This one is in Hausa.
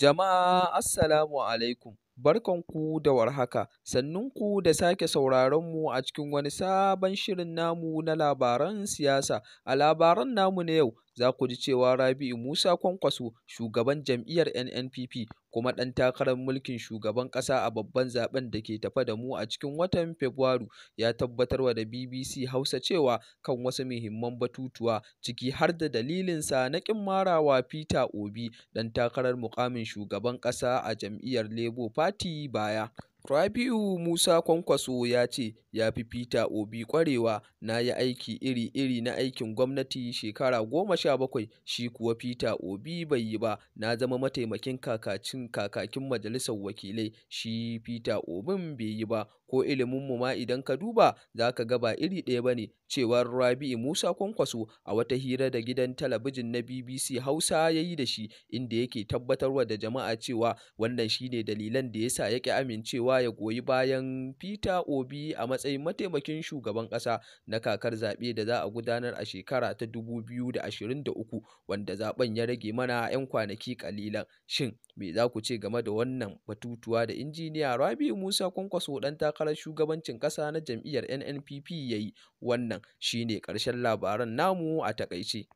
Jama'a Assalamu alaikum, barkanku da warhaka, sannunku da sake sauraronmu a cikin wani sabon shirin namu na labaran siyasa. A labaran namu na yau za ku ji cewa Rabi'u Musa Kwankwaso, shugaban jam'iyyar NNPP kuma ɗan takarar mulkin shugaban ƙasa a babban zaben da ke tafa da mu a cikin watan Fabrairu, ya tabbatarwa da BBC Hausa cewa kan wasu muhimman batutuwa, ciki har da dalilinsa na ƙin marawa Peter Obi, ɗan takarar mukamin shugaban ƙasa a jam'iyyar Labour Party baya. Rabi'u Musa Kwankwaso ya ce ya fi Peter Obi ƙwarewa, na yi aiki iri-iri na aikin gwamnati shekara goma sha bakwai shi kuwa Peter Obi bai yi ba, na zama mataimakin kakakin majalisar wakilai, shi Peter Obin bai yi ba, ko ilimin mu ma idan ka duba za ka ga ba iri ɗaya ba ne,” cewar Rabi'u Musa Kwankwaso a wata hira da gidan talabijin na BBC Hausa ya yi da shi, inda yake tabbatarwa da jama'a cewa wannan shi ne dalilan da ya sa ya ƙi amincewa cewa ya goyi bayan Peter Obi a matsayin mataimakin shugaban ƙasa na kakar zaɓe da za a gudanar a shekara ta 2023 wanda zaben ya rage mana 'yan kwanaki kalilan. Shin me za ku ce game da wannan batutuwa da injiniya Rabi Musa Kwankwaso dan takarar shugabancin ƙasa na jam'iyyar NNPP yayi? Wannan shine ƙarshen labaran namu a takaice.